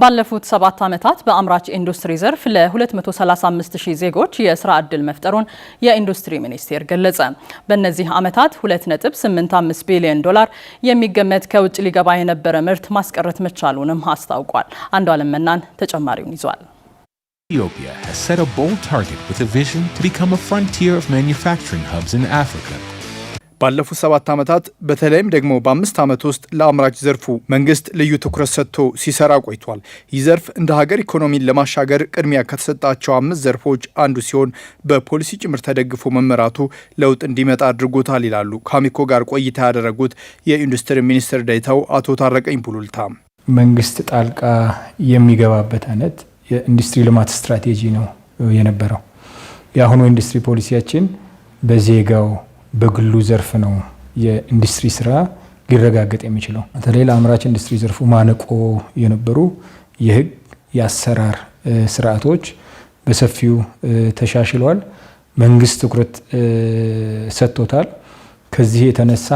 ባለፉት ሰባት ዓመታት በአምራች ኢንዱስትሪ ዘርፍ ለ235 ሺህ ዜጎች የስራ ዕድል መፍጠሩን የኢንዱስትሪ ሚኒስቴር ገለጸ። በእነዚህ ዓመታት 2.85 ቢሊዮን ዶላር የሚገመት ከውጭ ሊገባ የነበረ ምርት ማስቀረት መቻሉንም አስታውቋል። አንዷለም መናን ተጨማሪውን ይዟል። Ethiopia has set a bold target with a vision to become a frontier of manufacturing hubs in Africa. ባለፉት ሰባት ዓመታት በተለይም ደግሞ በአምስት ዓመት ውስጥ ለአምራች ዘርፉ መንግስት ልዩ ትኩረት ሰጥቶ ሲሰራ ቆይቷል። ይህ ዘርፍ እንደ ሀገር ኢኮኖሚን ለማሻገር ቅድሚያ ከተሰጣቸው አምስት ዘርፎች አንዱ ሲሆን በፖሊሲ ጭምር ተደግፎ መመራቱ ለውጥ እንዲመጣ አድርጎታል ይላሉ ከአሚኮ ጋር ቆይታ ያደረጉት የኢንዱስትሪ ሚኒስትር ዴኤታው አቶ ታረቀኝ ቡሉልታ። መንግስት ጣልቃ የሚገባበት አይነት የኢንዱስትሪ ልማት ስትራቴጂ ነው የነበረው። የአሁኑ ኢንዱስትሪ ፖሊሲያችን በዜጋው በግሉ ዘርፍ ነው የኢንዱስትሪ ስራ ሊረጋገጥ የሚችለው። በተለይ ለአምራች ኢንዱስትሪ ዘርፉ ማነቆ የነበሩ የህግ የአሰራር ስርዓቶች በሰፊው ተሻሽለዋል። መንግስት ትኩረት ሰጥቶታል። ከዚህ የተነሳ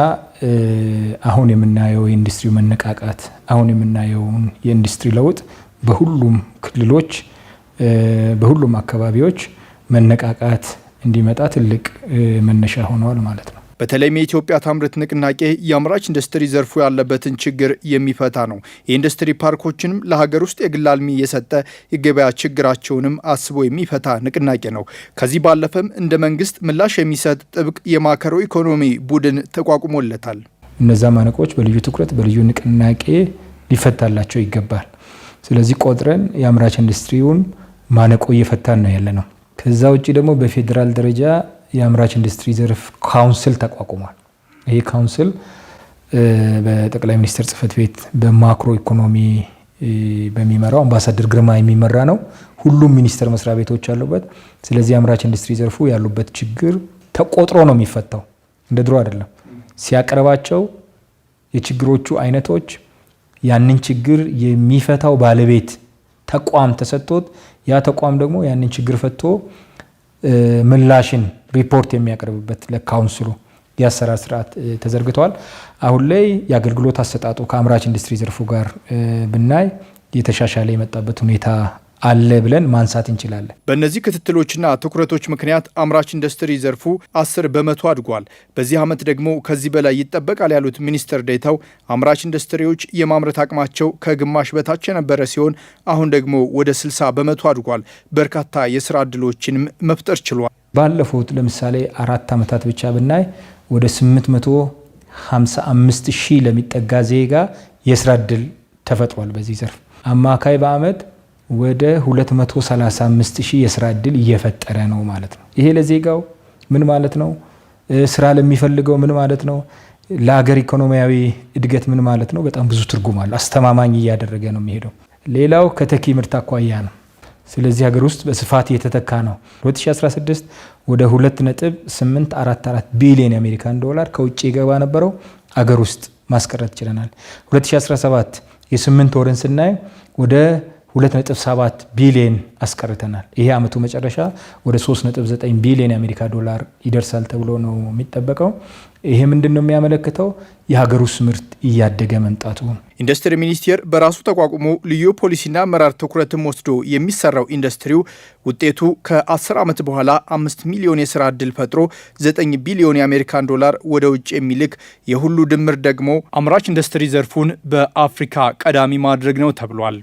አሁን የምናየው የኢንዱስትሪ መነቃቃት አሁን የምናየውን የኢንዱስትሪ ለውጥ በሁሉም ክልሎች በሁሉም አካባቢዎች መነቃቃት እንዲመጣ ትልቅ መነሻ ሆነዋል ማለት ነው። በተለይም የኢትዮጵያ ታምርት ንቅናቄ የአምራች ኢንዱስትሪ ዘርፉ ያለበትን ችግር የሚፈታ ነው። የኢንዱስትሪ ፓርኮችንም ለሀገር ውስጥ የግል አልሚ እየሰጠ የገበያ ችግራቸውንም አስቦ የሚፈታ ንቅናቄ ነው። ከዚህ ባለፈም እንደ መንግስት ምላሽ የሚሰጥ ጥብቅ የማክሮ ኢኮኖሚ ቡድን ተቋቁሞለታል። እነዛ ማነቆች በልዩ ትኩረት በልዩ ንቅናቄ ሊፈታላቸው ይገባል። ስለዚህ ቆጥረን የአምራች ኢንዱስትሪውን ማነቆ እየፈታን ነው ያለ ነው። ከዛ ውጭ ደግሞ በፌዴራል ደረጃ የአምራች ኢንዱስትሪ ዘርፍ ካውንስል ተቋቁሟል። ይህ ካውንስል በጠቅላይ ሚኒስትር ጽህፈት ቤት በማክሮ ኢኮኖሚ በሚመራው አምባሳደር ግርማ የሚመራ ነው። ሁሉም ሚኒስቴር መስሪያ ቤቶች አሉበት። ስለዚህ አምራች ኢንዱስትሪ ዘርፉ ያሉበት ችግር ተቆጥሮ ነው የሚፈታው፣ እንደ ድሮ አይደለም። ሲያቀርባቸው የችግሮቹ አይነቶች ያንን ችግር የሚፈታው ባለቤት ተቋም ተሰጥቶት ያ ተቋም ደግሞ ያንን ችግር ፈቶ ምላሽን ሪፖርት የሚያቀርብበት ለካውንስሉ የአሰራር ስርዓት ተዘርግተዋል። አሁን ላይ የአገልግሎት አሰጣጡ ከአምራች ኢንዱስትሪ ዘርፉ ጋር ብናይ የተሻሻለ የመጣበት ሁኔታ አለ ብለን ማንሳት እንችላለን። በእነዚህ ክትትሎችና ትኩረቶች ምክንያት አምራች ኢንዱስትሪ ዘርፉ አስር በመቶ አድጓል። በዚህ ዓመት ደግሞ ከዚህ በላይ ይጠበቃል ያሉት ሚኒስትር ዴታው አምራች ኢንዱስትሪዎች የማምረት አቅማቸው ከግማሽ በታች የነበረ ሲሆን አሁን ደግሞ ወደ 60 በመቶ አድጓል። በርካታ የስራ ዕድሎችንም መፍጠር ችሏል። ባለፉት ለምሳሌ አራት ዓመታት ብቻ ብናይ ወደ 855 ሺህ ለሚጠጋ ዜጋ የስራ ዕድል ተፈጥሯል። በዚህ ዘርፍ አማካይ በአመት ወደ 235 ሺህ የስራ እድል እየፈጠረ ነው ማለት ነው። ይሄ ለዜጋው ምን ማለት ነው? ስራ ለሚፈልገው ምን ማለት ነው? ለሀገር ኢኮኖሚያዊ እድገት ምን ማለት ነው? በጣም ብዙ ትርጉም አለው። አስተማማኝ እያደረገ ነው የሚሄደው። ሌላው ከተኪ ምርት አኳያ ነው። ስለዚህ ሀገር ውስጥ በስፋት እየተተካ ነው። 2016 ወደ 2.844 ቢሊዮን የአሜሪካን ዶላር ከውጭ የገባ ነበረው አገር ውስጥ ማስቀረት ችለናል። 2017 የስምንት ወርን ስናይ ወደ 2.7 ቢሊየን አስቀርተናል። ይሄ አመቱ መጨረሻ ወደ 3.9 ቢሊየን የአሜሪካ ዶላር ይደርሳል ተብሎ ነው የሚጠበቀው። ይሄ ምንድን ነው የሚያመለክተው? የሀገር ውስጥ ምርት እያደገ መምጣቱ። ኢንዱስትሪ ሚኒስቴር በራሱ ተቋቁሞ ልዩ ፖሊሲና አመራር ትኩረትም ወስዶ የሚሰራው ኢንዱስትሪው ውጤቱ ከ10 ዓመት በኋላ 5 ሚሊዮን የስራ ዕድል ፈጥሮ 9 ቢሊዮን የአሜሪካን ዶላር ወደ ውጭ የሚልክ የሁሉ ድምር ደግሞ አምራች ኢንዱስትሪ ዘርፉን በአፍሪካ ቀዳሚ ማድረግ ነው ተብሏል።